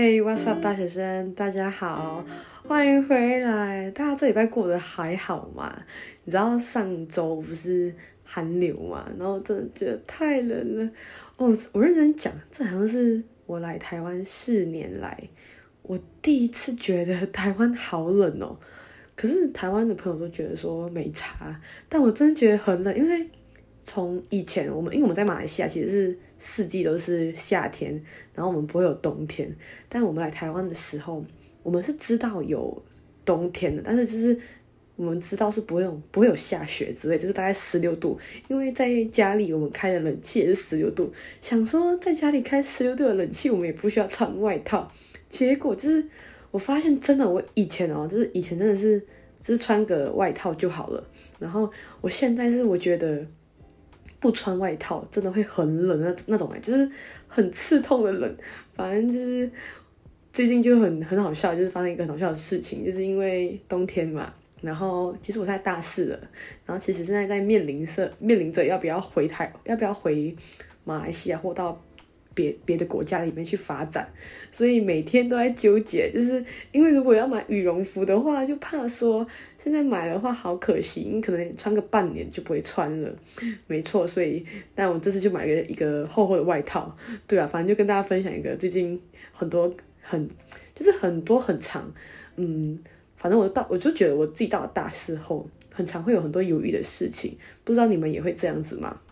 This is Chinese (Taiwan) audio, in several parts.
Hey, what's up，大學生？大家好，歡迎回來。大家這禮拜過得還好嗎？你知道上週不是寒流嗎？然後真的覺得太冷了哦。我認真講，這好像是我來台灣四年來我第一次覺得台灣好冷哦，喔。可是台灣的朋友都覺得說沒差，但我真的覺得很冷，因為，從以前我們，因為我們在馬來西亞其實是四季都是夏天，然後我們不會有冬天。但我們來台灣的時候，我們是知道有冬天的，但是就是我們知道是不會有不會有下雪之類，就是大概十六度。因為在家裡我們開的冷氣也是十六度，想說在家裡開十六度的冷氣，我們也不需要穿外套。結果就是我發現，真的我以前哦，就是以前真的是只，就是穿個外套就好了。然後我現在是我覺得。不穿外套真的會很冷的，那那種欸，就是很刺痛的冷。反正就是最近就很很好笑，就是發生一個很好笑的事情，就是因為冬天嘛。然後其實我在大四了，然後其實現在在面臨着面臨着要不要回台，要不要回馬來西亞或到別別的國家裡面去發展，所以每天都在糾結。就是因為如果要買羽絨服的話，就怕說。現在買的話好可惜，你可能穿個半年就不會穿了，沒錯。所以，但我這次就買個一個厚厚的外套，對啊。反正就跟大家分享一個最近很多很就是很多很長，嗯，反正我到我就覺得我自己到了大四後，很常會有很多猶豫的事情，不知道你們也會這樣子嗎？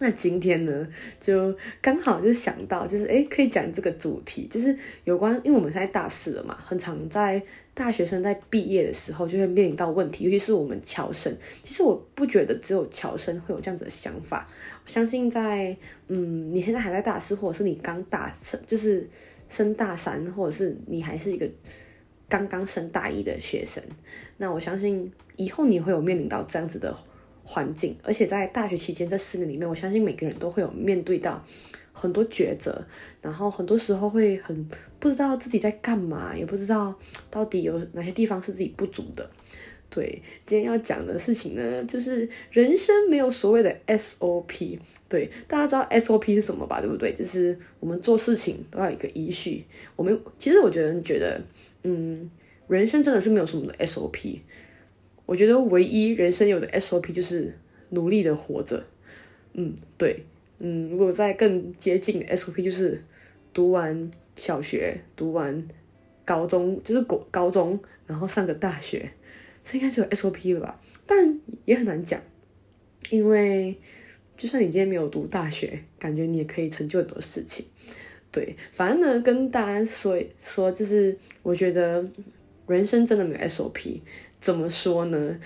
那今天呢，就剛好就想到，就是哎，可以講這個主題，就是有關，因為我們現在大四了嘛，很常在大學生在畢業的時候就會面臨到問題，尤其是我們僑生。其實我不覺得只有僑生會有這樣子的想法，我相信在，嗯，你現在還在大四，或者是你剛大，就是升大三，或者是你還是一個剛剛升大一的學生，那我相信以後你會有面臨到這樣子的。環境，而且在大學期間這四年裡面，我相信每個人都會有面對到很多抉擇，然後很多時候會很不知道自己在幹嘛，也不知道到底有哪些地方是自己不足的。對，今天要講的事情呢，就是人生沒有所謂的 SOP。對，大家知道 SOP 是什麼吧？對不對？就是我們做事情都要有一個依序。我們其實我覺得你覺得，嗯，人生真的是沒有什麼的 SOP。我覺得唯一人生有的 SOP 就是努力的活着，嗯，對，嗯，如果再更接近的 SOP 就是讀完小學，讀完高中，就是高中，然後上個大學，這應該就有 SOP 了吧？但也很難講，因為就算你今天沒有讀大學，感覺你也可以成就很多事情，對，反正呢，跟大家說說，就是我覺得人生真的沒有 SOP。怎麼說呢？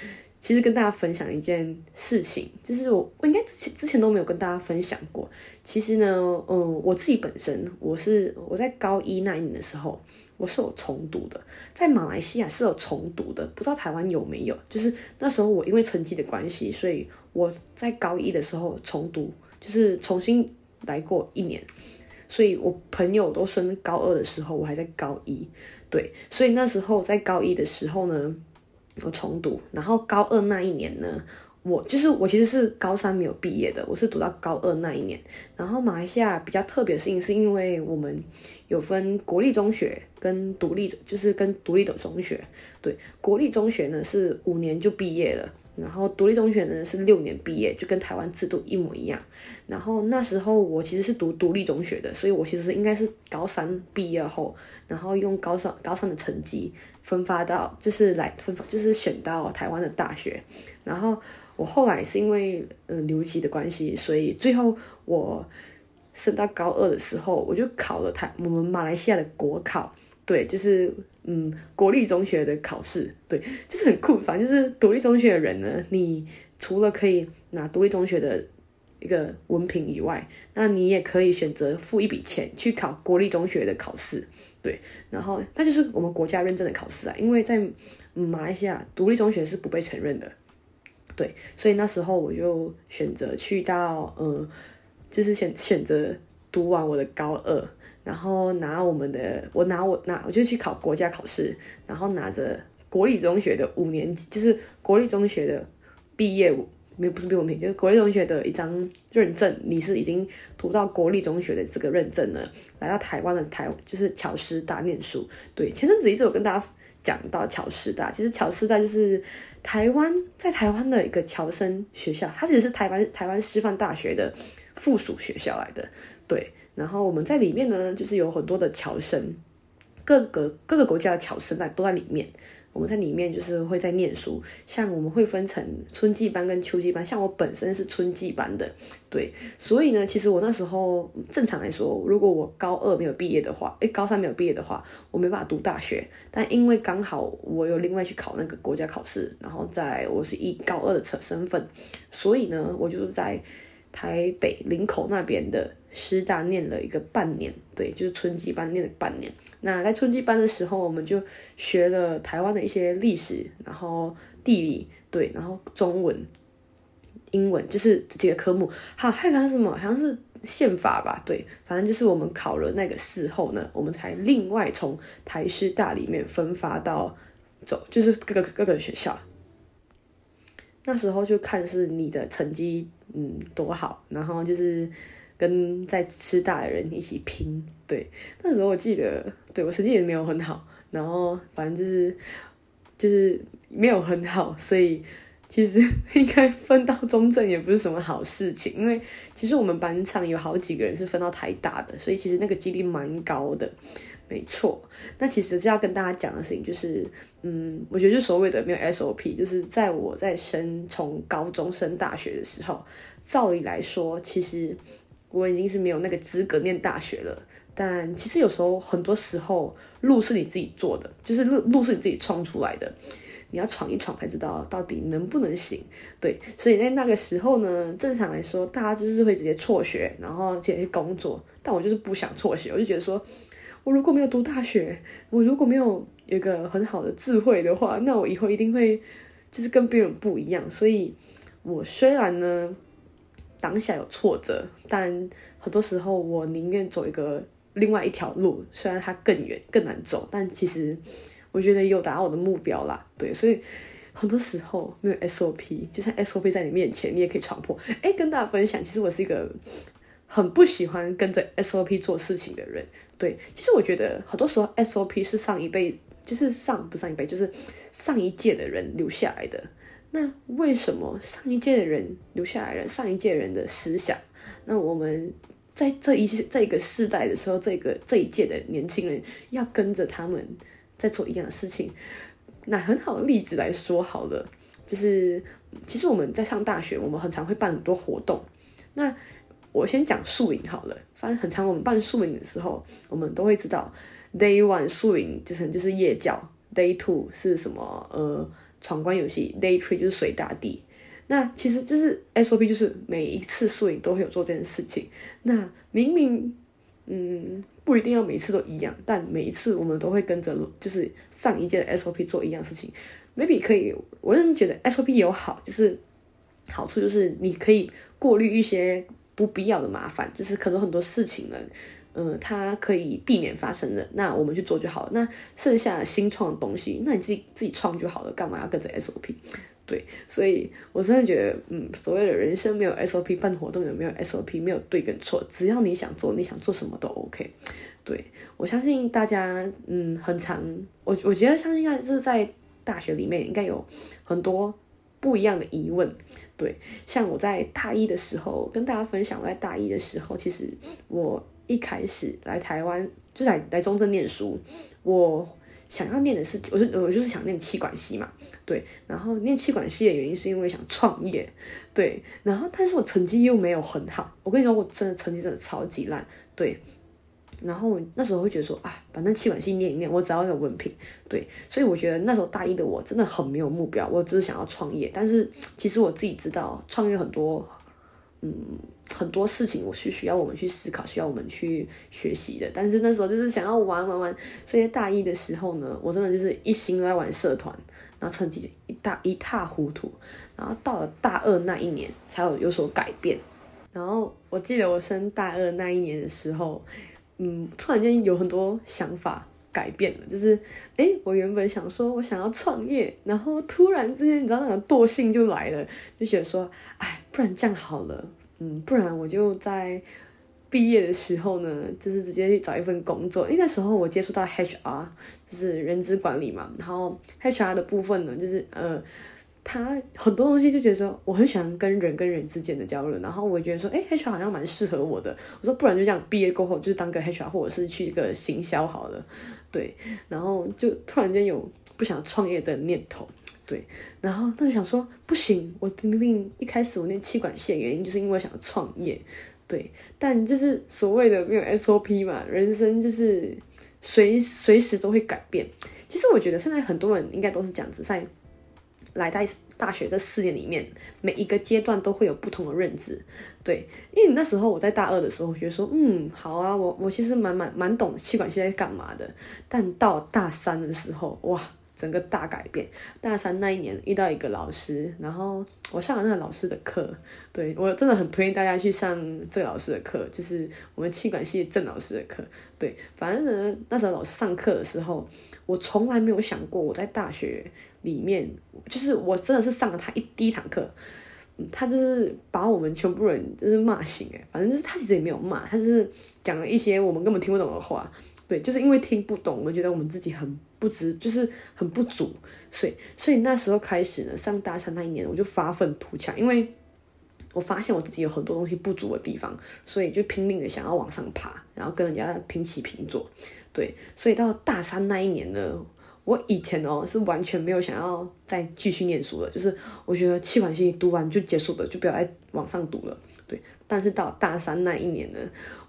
其實跟大家分享一件事情，就是我我應該之之前都沒有跟大家分享過。其實呢，嗯，我自己本身，我是我在高一那一年的時候，我是有重讀的，在馬來西亞是有重讀的，不知道台灣有沒有。就是那時候我因為成績的關係，所以我在高一的時候重讀，就是重新來過一年。所以我朋友都升高二的時候，我還在高一。對，所以那時候在高一的時候呢。我重讀，然後高二那一年呢，我就是我其實是高三沒有畢業的，我是讀到高二那一年。然後馬來西亞比較特別的事情，是因為我們有分國立中學跟獨立，就是跟獨立的中學。對，國立中學呢是五年就畢業了。然後獨立中學呢是六年畢業，就跟台灣制度一模一樣。然後那時候我其實是讀獨立中學的，所以我其實應該是高三畢業後，然後用高三高三的成績分發到，就是來分發就是選到台灣的大學。然後我後來是因為嗯、呃、留級的關係，所以最後我升到高二的時候，我就考了台，我們馬來西亞的國考，對，就是。嗯，國立中學的考試，對，就是很酷。反正就是獨立中學的人呢，你除了可以拿獨立中學的一個文憑以外，那你也可以選擇付一筆錢去考國立中學的考試，對。然後，那就是我們國家認證的考試啊，因為在馬來西亞，獨立中學是不被承認的，對。所以那時候我就選擇去到，呃，就是選選擇讀完我的高二。然後拿我們的，我拿我拿，我就去考國家考試，然後拿着國立中學的五年級，就是國立中學的畢業，沒有不是畢業文憑，就是國立中學的一張認證，你是已經讀到國立中學的這個認證了，來到台灣的台就是僑師大念書。對，前陣子一直有跟大家講到僑師大，其實僑師大就是台灣在台灣的一個僑生學校，它其實是台灣台灣師範大學的附屬學校來的，對。然後我們在裡面呢，就是有很多的僑生，各個各個國家的僑生在都在裡面。我們在裡面就是會在念書，像我們會分成春季班跟秋季班，像我本身是春季班的，對。所以呢，其實我那時候正常來說，如果我高二沒有畢業的話，哎，高三沒有畢業的話，我沒辦法讀大學。但因為剛好我有另外去考那個國家考試，然後在我是以高二的成身份，所以呢，我就是在台北林口那邊的。師大念了一個半年，對，就是春季班念了半年。那在春季班的時候，我們就學了台灣的一些歷史，然後地理，對，然後中文、英文，就是這幾個科目。好，還有個什麼？好像是憲法吧？對，反正就是我們考了那個試後呢，我們才另外從台師大裡面分發到走，就是各個各個學校。那時候就看是你的成績，嗯，多好，然後就是。跟在師大的人一起拼，對，那時候我記得，對，我成績也沒有很好，然後反正就是就是沒有很好，所以其實應該分到中正也不是什麼好事情，因為其實我們班上有好幾個人是分到台大的，所以其實那個幾率蠻高的，沒錯。那其實就要跟大家講的事情就是，嗯，我覺得就所謂的沒有 SOP，就是在我在升從高中升大學的時候，照理來說，其實。我已經是沒有那個資格念大學了，但其實有時候，很多時候路是你自己做的，就是路路是你自己闖出來的，你要闖一闖才知道到底能不能行。對，所以在那個時候呢，正常來說，大家就是會直接輟學，然後直接去工作。但我就是不想輟學，我就覺得說，我如果沒有讀大學，我如果沒有，有一個很好的智慧的話，那我以後一定會就是跟別人不一樣。所以我雖然呢。當下有挫折，但很多時候我寧願走一個另外一條路，雖然它更遠、更難走，但其實我覺得也有達到我的目標啦。對，所以很多時候沒有 SOP，就算 SOP 在你面前，你也可以闖破。哎、欸，跟大家分享，其實我是一個很不喜歡跟着 SOP 做事情的人。對，其實我覺得很多時候 SOP 是上一輩，就是上不上一輩，就是上一屆的人留下來的。那為什麼上一屆的人留下來了上一屆人的思想？那我們在這一這個世代的時候，這個這一屆的年輕人要跟着他們在做一樣的事情。那很好的例子來說好了，就是其實我們在上大學，我們很常會辦很多活動。那我先講宿營好了，反正很常我們辦宿營的時候，我們都會知道 day one 宿營就是就是夜教，day two 是什麼呃。闖關遊戲 Day Three 就是水打地，那其實就是 SOP，就是每一次攝影都會有做這件事情。那明明，嗯，不一定要每次都一樣，但每一次我們都會跟着就是上一屆的 SOP 做一樣事情。Maybe 可以，我真覺得 SOP 有好，就是好處就是你可以過濾一些不必要的麻煩，就是可能很多事情呢。嗯、呃，它可以避免發生的，那我們去做就好了。那剩下新創的東西，那你自己自己創就好了，幹嘛要跟着 SOP？對，所以我真的覺得，嗯，所謂的人生沒有 SOP，辦活動也沒有 SOP，沒有對跟錯，只要你想做，你想做什麼都 OK。對，我相信大家，嗯，很常，我我覺得相信應該是在大學裡面應該有很多不一樣的疑問。對，像我在大一的時候跟大家分享，我在大一的時候，其實我，一開始來台灣就來來中正念書，我想要念的是，我就我就是想念企管系嘛，對，然後念企管系的原因是因為想創業，對，然後但是我成績又沒有很好，我跟你說我真的成績真的超級爛，對，然後那時候會覺得說啊，把那企管系念一念，我只要有文憑，對，所以我覺得那時候大一的我真的很沒有目標，我只是想要創業，但是其實我自己知道創業很多，嗯。很多事情我是需要我們去思考，需要我們去學習的。但是那時候就是想要玩玩玩，這些大一的時候呢，我真的就是一心都在玩社團，然後成績一大一塌糊塗。然後到了大二那一年，才有有所改變。然後我記得我升大二那一年的時候，嗯，突然間有很多想法改變了，就是哎、欸，我原本想說我想要創業，然後突然之間你知道那種惰性就來了，就覺得說哎，不然這樣好了。嗯，不然我就在畢業的時候呢，就是直接去找一份工作。因為那時候我接觸到 HR，就是人資管理嘛。然後 HR 的部分呢，就是呃，他很多東西就覺得說，我很喜歡跟人跟人之間的交流。然後我覺得說，欸，HR 好像蠻適合我的。我說，不然就這樣，畢業過後就是當個 HR，或者是去一個行銷好了。對，然後就突然間有不想創業這個念頭。對，然後那就想說不行，我明明一開始我念企管系原因就是因為我想要創業，對。但就是所謂的沒有 SOP 嘛，人生就是隨隨時都會改變。其實我覺得現在很多人應該都是這樣子，在來大大學這四年裡面，每一個階段都會有不同的認知，對。因為那時候我在大二的時候，我覺得說嗯，好啊，我我其實蠻蠻蠻懂企管系在幹嘛的。但到大三的時候，哇。整個大改變，大三那一年遇到一個老師，然後我上了那個老師的課，對，我真的很推薦大家去上這個老師的課，就是我們企管系鄭老師的課。對，反正呢，那時候老師上課的時候，我從來沒有想過我在大學裡面，就是我真的是上了他一第一堂課，他就是把我們全部人就是罵醒哎，反正就是他其實也沒有罵，他是講了一些我們根本聽不懂的話，對，就是因為聽不懂，我覺得我們自己很。不知就是很不足，所以所以那時候開始呢，上大三那一年，我就發憤圖強，因為我發現我自己有很多東西不足的地方，所以就拼命的想要往上爬，然後跟人家平起平坐。對，所以到大三那一年呢，我以前哦是完全沒有想要再繼續唸書了，就是我覺得企管系讀完就結束的，就不要再往上讀了。對，但是到大三那一年呢，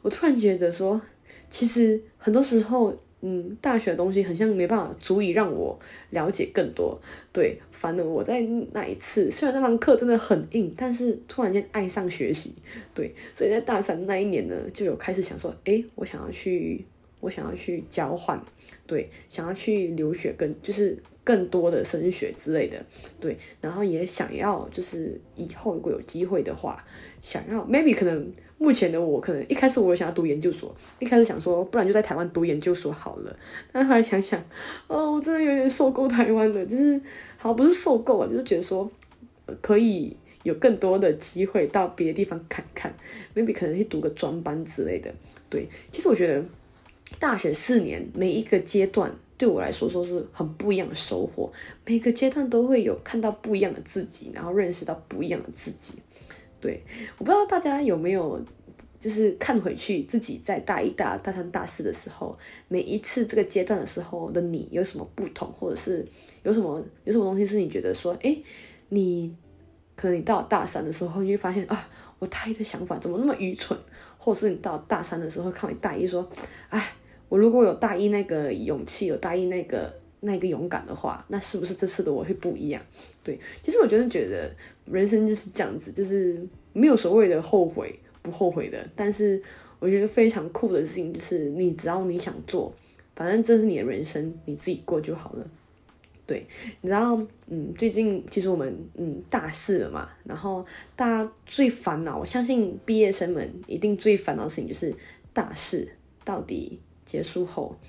我突然覺得說，其實很多時候。嗯，大學的東西很像沒辦法，足以讓我了解更多。對，反而我在那一次，雖然那堂課真的很硬，但是突然間愛上學習。對，所以在大三那一年呢，就有開始想說，哎、欸，我想要去，我想要去交換。對，想要去留學跟，更就是更多的升學之類的。對，然後也想要就是以後如果有機會的話，想要 maybe 可能目前的我可能一開始我想要讀研究所，一開始想說不然就在台灣讀研究所好了。但後來想想，哦，我真的有點受夠台灣了，就是好像不是受夠啊，就是覺得說、呃、可以有更多的機會到別的地方看看，maybe 可能去讀個專班之類的。對，其實我覺得。大學四年，每一個階段對我來說都是很不一樣的收穫。每個階段都會有看到不一樣的自己，然後認識到不一樣的自己。對，我不知道大家有沒有，就是看回去自己在大一、大、大三、大四的時候，每一次這個階段的時候的你有什麼不同，或者是有什麼有什麼東西是你覺得說，哎、欸，你可能你到了大三的時候，你會發現啊，我大一的想法怎麼那麼愚蠢。或是你到大三的時候，看你大一說，哎，我如果有大一那個勇氣，有大一那個那個勇敢的話，那是不是這次的我會不一樣？對，其實我真的覺得人生就是這樣子，就是沒有所謂的後悔不後悔的。但是我覺得非常酷的事情就是，你只要你想做，反正這是你的人生，你自己過就好了。對，你知道，嗯，最近其實我們嗯大四了嘛，然後大家最煩惱，我相信畢業生們一定最煩惱的事情就是，大四到底結束後，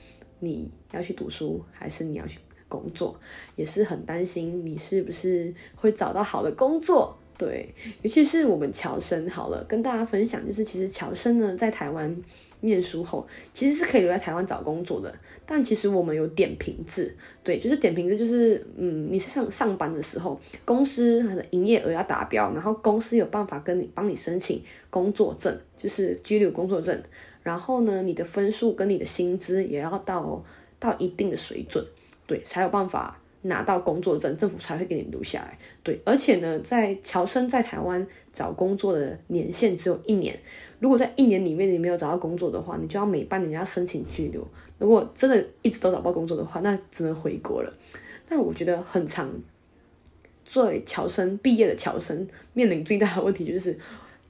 你要去讀書還是你要去工作，也是很擔心你是不是會找到好的工作。對，尤其是我們僑生好了，跟大家分享，就是其實僑生呢，在台灣念書後，其實是可以留在台灣找工作的。但其實我們有點評制，對，就是點評制，就是嗯，你是上上班的時候，公司營業額要達標，然後公司有辦法跟你幫你申請工作證，就是居留工作證。然後呢，你的分數跟你的薪資也要到到一定的水準，對，才有辦法。拿到工作證，政府才會給你留下來。對，而且呢，在僑生在台灣找工作的年限只有一年，如果在一年裡面你沒有找到工作的話，你就要每半年要申請居留。如果真的一直都找不到工作的話，那只能回國了。但我覺得很長。作為僑生畢業的僑生，面臨最大的問題就是，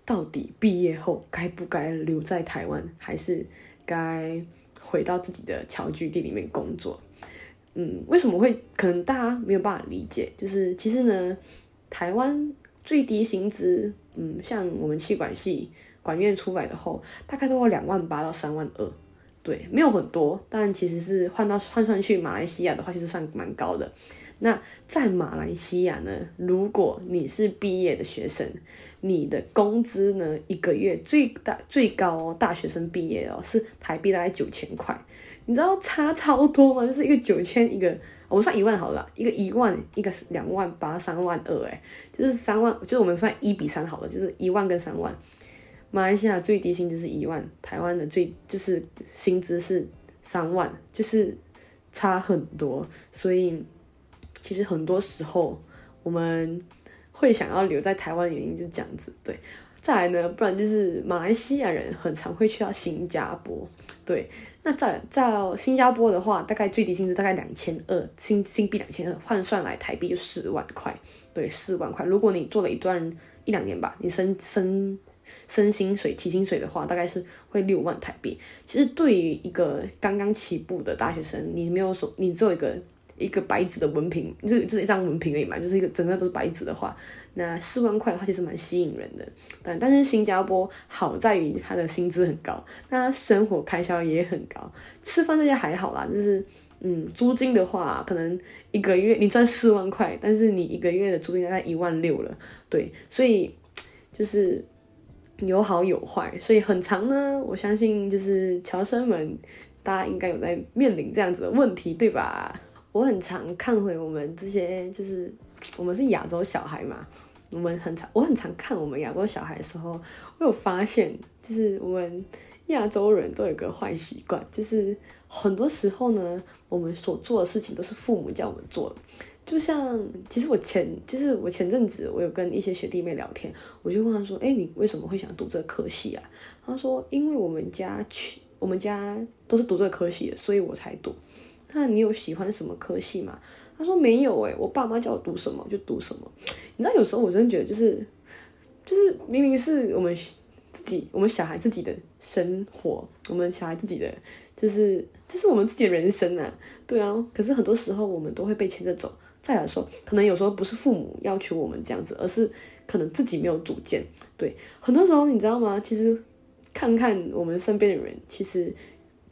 到底畢業後該不該留在台灣，還是該回到自己的僑居地裡面工作？嗯，為什麼會可能大家沒有辦法理解？就是其實呢，台灣最低薪資，嗯，像我們企管系管院出來的後，大概都要兩萬八到三萬二，對，沒有很多，但其實是換到換算去馬來西亞的話，其實算蠻高的。那在馬來西亞呢，如果你是畢業的學生，你的工資呢，一個月最大最高大學生畢業哦，是台幣大概九千塊。你知道差超多嗎？就是一個九千，一個我算一萬好了，一個一萬，一個是兩萬八，三萬二，哎，就是三萬，就是我們算一比三好了，就是一萬跟三萬，馬來西亞最低薪資是一萬，台灣的最就是薪資是三萬，就是差很多，所以其實很多時候我們會想要留在台灣的原因就是這樣子，對。再來呢，不然就是馬來西亞人很常會去到新加坡，對。那在在新加坡的話，大概最低薪資大概兩千二新新幣，兩千二換算來台幣就四萬塊，對，四萬塊。如果你做了一段一兩年吧，你升升升薪水起薪水的話，大概是會六萬台幣。其實對於一個剛剛起步的大學生，你沒有說，你只有一個。一個白紙的文憑，就就是一張文憑而已嘛，就是一個整個都是白紙的話，那四萬塊的話其實蠻吸引人的。但但是新加坡好在於它的薪資很高，那生活開銷也很高，吃飯這些還好啦，就是嗯，租金的話啊，可能一個月你賺四萬塊，但是你一個月的租金大概一萬六了，對，所以就是有好有壞，所以很常呢，我相信就是僑生們大家應該有在面臨這樣子的問題，對吧？我很常看回我們這些，就是我們是亞洲小孩嘛，我們很常，我很常看我們亞洲小孩的時候，我有發現，就是我們亞洲人都有個壞習慣，就是很多時候呢，我們所做的事情都是父母叫我們做的。就像，其實我前，就是我前陣子我有跟一些學弟妹聊天，我就問他說，哎、欸，你為什麼會想讀這科系啊？他說，因為我們家去，我們家都是讀這科系的，所以我才讀。那你有喜歡什麼科系嗎？他說沒有，哎、欸，我爸媽叫我讀什麼就讀什麼。你知道有時候我真的覺得就是，就是明明是我們自己，我們小孩自己的生活，我們小孩自己的就是，就是我們自己的人生啊，對啊。可是很多時候我們都會被牽着走。再來說，可能有時候不是父母要求我們這樣子，而是可能自己沒有主見。對，很多時候你知道嗎？其實看看我們身邊的人，其實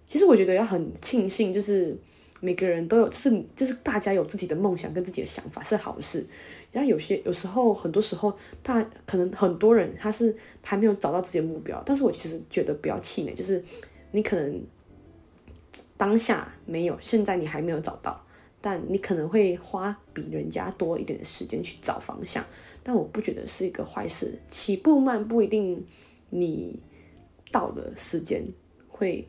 其實我覺得要很慶幸就是。每個人都有，就是就是大家有自己的夢想跟自己的想法是好事。然後有些有時候很多時候，他可能很多人他是還沒有找到自己的目標。但是我其實覺得不要氣餒，就是你可能當下沒有，現在你還沒有找到，但你可能會花比人家多一點的時間去找方向。但我不覺得是一個壞事，起步慢不一定你到的時間會。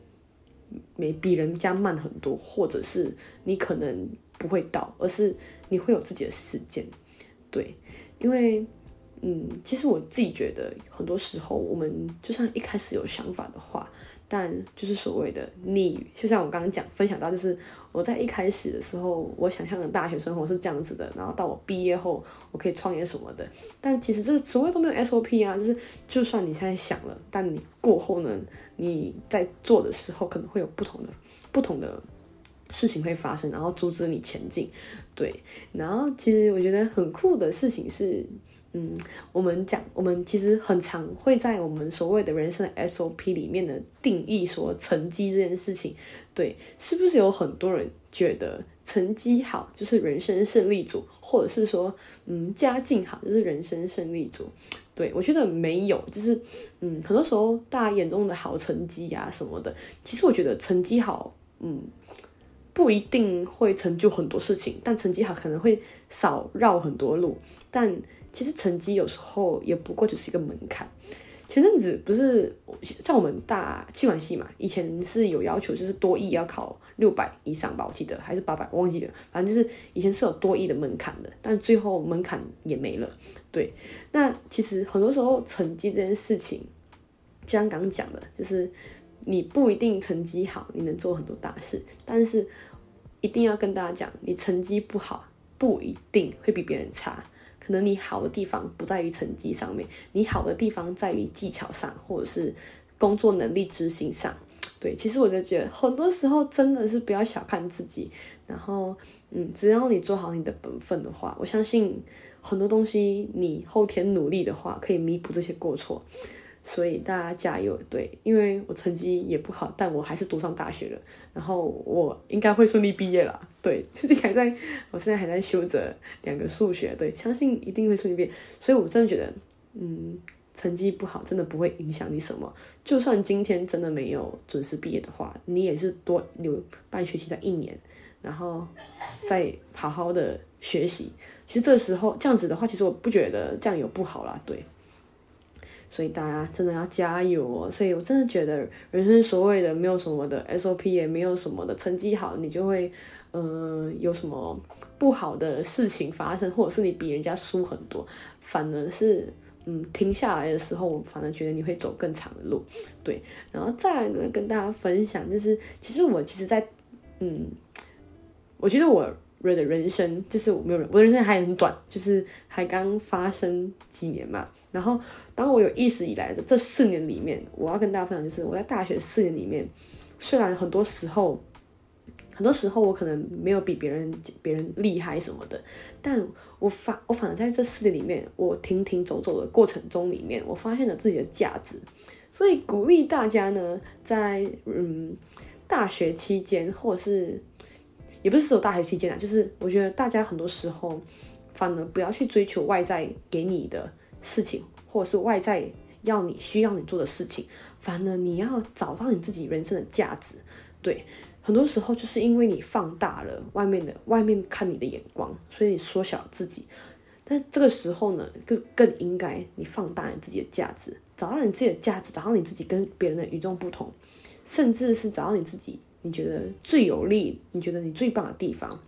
沒比人家慢很多，或者是你可能不會到，而是你會有自己的時間，對，因為，嗯，其實我自己覺得很多時候，我們就算一開始有想法的話。但就是所謂的你就像我剛剛講分享到，就是我在一開始的時候，我想象的大學生活是這樣子的，然後到我畢業後，我可以創業什麼的。但其實這所謂都沒有 SOP 啊，就是就算你現在想了，但你過後呢，你在做的時候可能會有不同的不同的事情會發生，然後阻止你前進。對，然後其實我覺得很酷的事情是。嗯，我們講，我們其實很常會在我們所謂的人生 SOP 裡面的定義說成績這件事情，對，是不是有很多人覺得成績好就是人生勝利組，或者是說，嗯，家境好就是人生勝利組？對，我覺得沒有，就是，嗯，很多時候大家眼中的好成績呀、啊、什麼的，其實我覺得成績好，嗯，不一定會成就很多事情，但成績好可能會少繞很多路，但。其實成績有時候也不過就是一個門檻。前陣子不是像我們大企管系嘛，以前是有要求，就是多益要考六百以上吧，我記得還是八百，我忘記了。反正就是以前是有多益的門檻的，但最後門檻也沒了。對，那其實很多時候成績這件事情，就像剛剛講的，就是你不一定成績好，你能做很多大事。但是一定要跟大家講，你成績不好，不一定會比別人差。可能你好的地方不在於成績上面，你好的地方在於技巧上，或者是工作能力執行上。對，其實我就覺得很多時候真的是不要小看自己，然後嗯，只要你做好你的本分的話，我相信很多東西你後天努力的話，可以彌補這些過錯。所以大家加油，對，因為我成績也不好，但我還是讀上大學了，然後我應該會順利畢業啦，對，就是還在，我現在還在修着兩個數學，對，相信一定會順利畢業，所以我真的覺得，嗯，成績不好真的不會影響你什麼，就算今天真的沒有準時畢業的話，你也是多留半學期再一年，然後再好好的學習，其實這時候這樣子的話，其實我不覺得這樣有不好啦，對。所以大家真的要加油哦！所以我真的覺得，人生所謂的沒有什麼的 SOP 也沒有什麼的成，成績好你就會，嗯、呃、有什麼不好的事情發生，或者是你比人家輸很多，反而是，嗯，停下來的時候，我反而覺得你會走更長的路，對。然後再來呢，跟大家分享，就是其實我其實，在，嗯，我覺得我。我的人生就是我沒有人，我人生還很短，就是還剛發生幾年嘛。然後，當我有意識以來的這四年裡面，我要跟大家分享，就是我在大學四年裡面，雖然很多時候，很多時候我可能沒有比別人別人厲害什麼的，但我反我反而在這四年裡面，我停停走走的過程中裡面，我發現了自己的價值。所以鼓勵大家呢，在嗯大學期間或者是。也不是說大學期間啊，就是我覺得大家很多時候，反而不要去追求外在給你的事情，或者是外在要你需要你做的事情，反而你要找到你自己人生的價值。對，很多時候就是因為你放大了外面的外面看你的眼光，所以你縮小自己。但是這個時候呢，更更應該你放大你自己的價值，找到你自己的價值，找到你自己跟別人的與眾不同，甚至是找到你自己。你覺得最有利？你覺得你最棒的地方？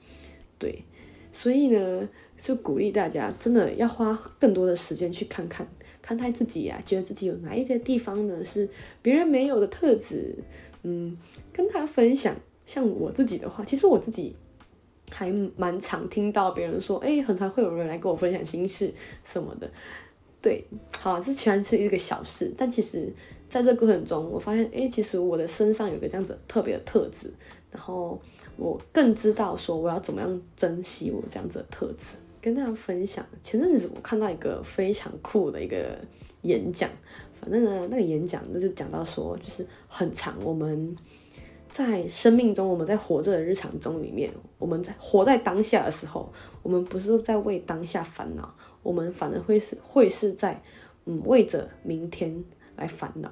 對，所以呢，就鼓勵大家真的要花更多的時間去看看，看他自己呀、啊，覺得自己有哪一些地方呢是別人沒有的特質，嗯，跟他分享。像我自己的話，其實我自己還蠻常聽到別人說，誒，很常會有人來跟我分享心事什麼的。對，好，這雖然是喜歡吃一個小事，但其實。在這個過程中，我發現，誒、欸，其實我的身上有個這樣子特別的特質，然後我更知道說我要怎麼樣珍惜我這樣子的特質，跟大家分享。前陣子我看到一個非常酷的一個演講，反正呢，那個演講那就講到說，就是很常，我們在生命中，我們在活着的日常中裡面，我們在活在當下的時候，我們不是在為當下煩惱，我們反而會是會是在，嗯，為着明天。來煩惱，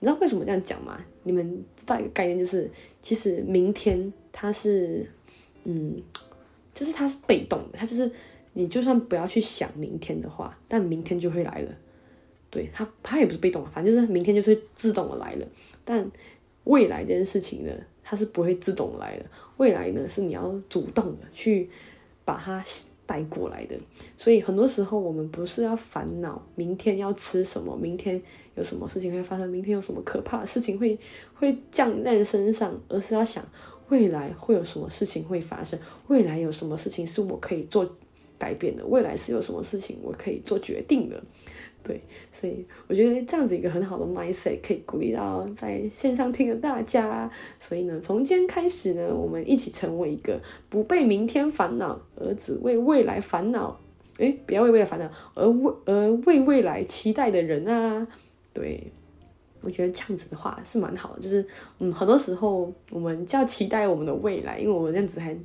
你知道為什麼這樣講嗎？你們知道一個概念，就是其實明天它是，嗯，就是它是被動的，它就是你就算不要去想明天的話，但明天就會來了。對它，它也不是被動的，反正就是明天就是自動的來了。但未來這件事情呢，它是不會自動來的，未來呢是你要主動的去把它。帶過來的，所以很多時候我們不是要煩惱明天要吃什麼，明天有什麼事情會發生，明天有什麼可怕的事情會會降在身上，而是要想未來會有什麼事情會發生，未來有什麼事情是我可以做改變的，未來是有什麼事情我可以做決定的。對，所以我覺得這樣子一個很好的 mindset 可以鼓勵到在線上聽的大家。所以呢，從今天開始呢，我們一起成為一個不被明天煩惱，而只為未來煩惱，哎，不要為未來煩惱，而為，而為未來期待的人啊。對，我覺得這樣子的話是蠻好的，就是嗯，很多時候我們較期待我們的未來，因為我們這樣子還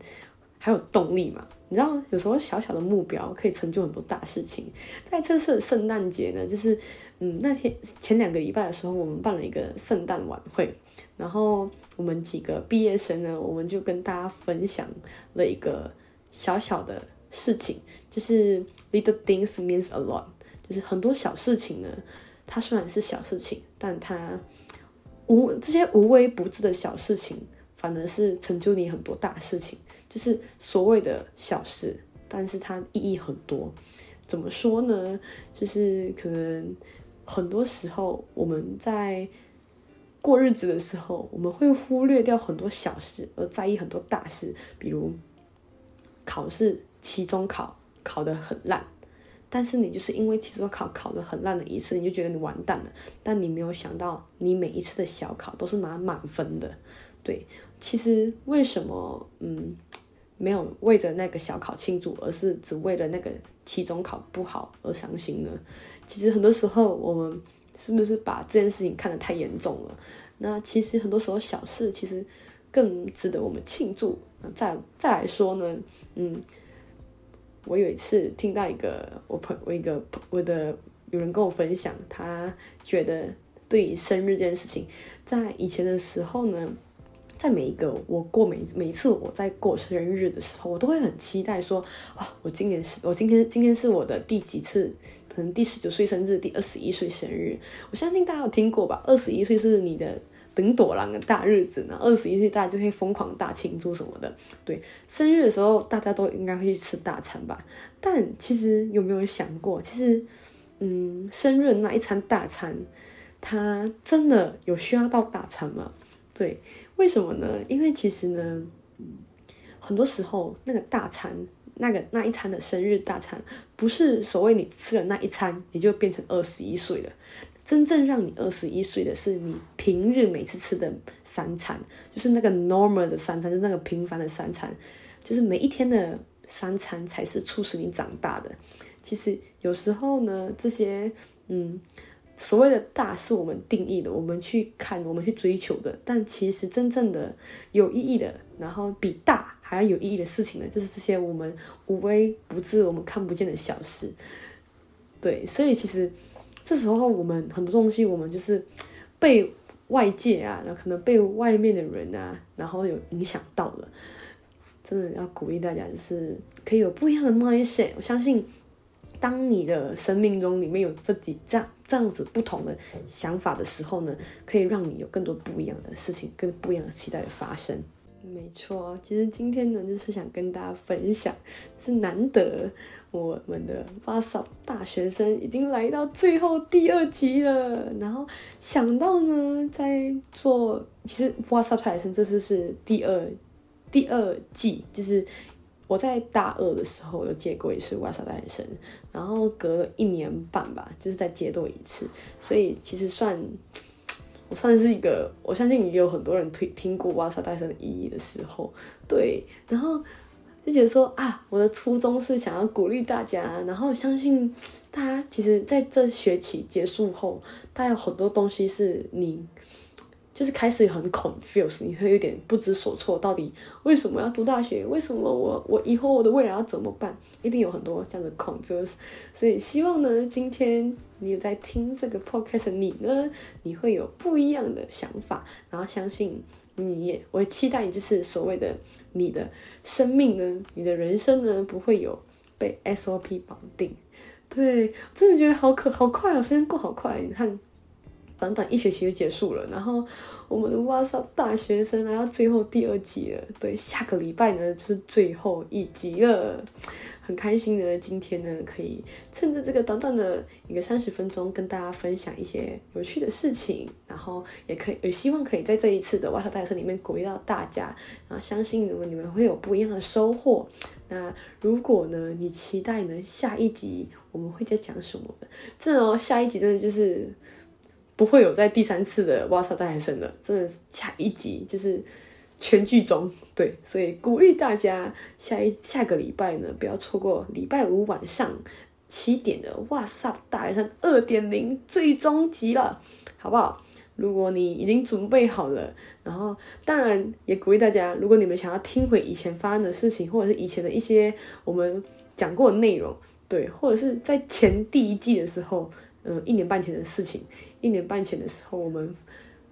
還有動力嘛，你知道，有時候小小的目標可以成就很多大事情。在這次聖誕節呢，就是嗯，那天前兩個禮拜的時候，我們辦了一個聖誕晚會，然後我們幾個畢業生呢，我們就跟大家分享了一個小小的事情，就是 little things means a lot，就是很多小事情呢，它雖然是小事情，但它無，這些無微不至的小事情，反而是成就你很多大事情。就是所謂的小事，但是它意義很多。怎麼說呢？就是可能很多時候我們在過日子的時候，我們會忽略掉很多小事，而在意很多大事。比如考試，期中考考得很爛，但是你就是因為期中考考得很爛的一次，你就覺得你完蛋了。但你沒有想到，你每一次的小考都是拿滿分的。對，其實為什麼？嗯。沒有為着那個小考慶祝，而是只為了那個期中考不好而傷心呢？其實很多時候，我們是不是把這件事情看得太嚴重了？那其實很多時候小事，其實更值得我們慶祝。再再來說呢，嗯，我有一次聽到一個我朋，我一個我的有人跟我分享，他覺得對於生日這件事情，在以前的時候呢。在每一個我過每每一次我在過生日的時候，我都會很期待說，啊，我今年是，我今天今天是我的第幾次？可能第十九歲生日，第二十一歲生日。我相信大家有聽過吧？二十一歲是你的等朵狼的大日子，那二十一歲大家就會瘋狂大慶祝什麼的。對，生日的時候大家都應該會去吃大餐吧？但其實有沒有想過，其實嗯，生日那一餐大餐，它真的有需要到大餐嗎？對。為什麼呢？因為其實呢，很多時候那個大餐，那個那一餐的生日大餐，不是所謂你吃了那一餐你就變成二十一歲了。真正讓你二十一歲的是你平日每次吃的三餐，就是那個 normal 的三餐，就是那個平凡的三餐，就是每一天的三餐才是促使你長大的。其實有時候呢，這些嗯。所謂的“大”是我們定義的，我們去看，我們去追求的。但其實真正的有意義的，然後比大還要有意義的事情呢，就是這些我們無微不至、我們看不見的小事。對，所以其實這時候我們很多東西，我們就是被外界啊，然後可能被外面的人啊，然後有影響到了。真的要鼓勵大家，就是可以有不一樣的冒險。我相信。當你的生命中裡面有自己這樣這樣子不同的想法的時候呢，可以讓你有更多不一樣的事情，更不一樣的期待的發生。沒錯，其實今天呢，就是想跟大家分享，是難得我們的 What's Up 大學生已經來到最後第二集了。然後想到呢，在做其實 What's Up 大學生這次是第二第二季，就是。我在大二的時候，我有接過一次 What's Up 大學生，然後隔了一年半吧，就是再接多一次，所以其實算我算是一個，我相信也有很多人聽聽過 What's Up 大學生的意義的時候，對，然後就覺得說啊，我的初衷是想要鼓勵大家，然後相信大家，其實在這學期結束後，大概有很多東西是你。就是開始很 confuse，你會有點不知所措，到底為什麼要讀大學？為什麼我我以後我的未來要怎麼辦？一定有很多這樣的 confuse，所以希望呢，今天你在聽這個 podcast，你呢，你會有不一樣的想法，然後相信你，我也期待你，就是所謂的你的生命呢，你的人生呢，不會有被 SOP 綁定。對，真的覺得好可好快哦、喔，時間過好快、欸，你看。短短一學期就結束了，然後我們的哇塞大學生來到最後第二集了，對，下個禮拜呢就是最後一集了，很開心呢，今天呢可以趁着這個短短的一個三十分鐘跟大家分享一些有趣的事情，然後也可以，也希望可以在這一次的哇塞大學生裡面鼓勵到大家，然後相信你們你們會有不一樣的收穫。那如果呢你期待呢下一集我們會再講什麼的？真的哦，下一集真的就是。不會有在第三次的 What's Up 大學生的，真的下一集就是全劇終，對，所以鼓勵大家下一下個禮拜呢，不要錯過禮拜五晚上七點的 What's Up 大學生二點零最終集了，好不好？如果你已經準備好了，然後當然也鼓勵大家，如果你們想要聽回以前發生的事情，或者是以前的一些我們講過的內容，對，或者是在前第一季的時候。嗯，一年半前的事情。一年半前的時候，我們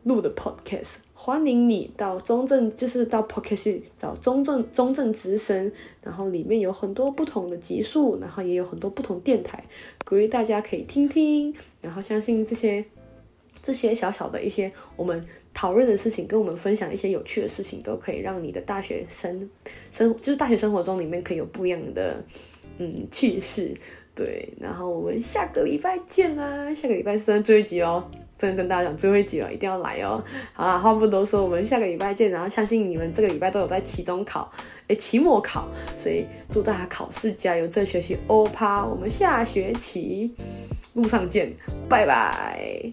錄的 podcast，歡迎你到中正，就是到 podcast 找中正中正之聲。然後裡面有很多不同的集數，然後也有很多不同電台，鼓勵大家可以聽聽。然後相信這些這些小小的一些我們討論的事情，跟我們分享一些有趣的事情，都可以讓你的大學生生就是大學生活中裡面可以有不一樣的嗯趣事。氣勢對，然後我們下個禮拜見啦！下個禮拜是最後一集哦，真的跟大家講最後一集哦，一定要來哦！好啦，話不多說，我們下個禮拜見。然後相信你們這個禮拜都有在期中考，哎，期末考，所以祝大家考試加油，這學期歐趴，我們下學期路上見，拜拜。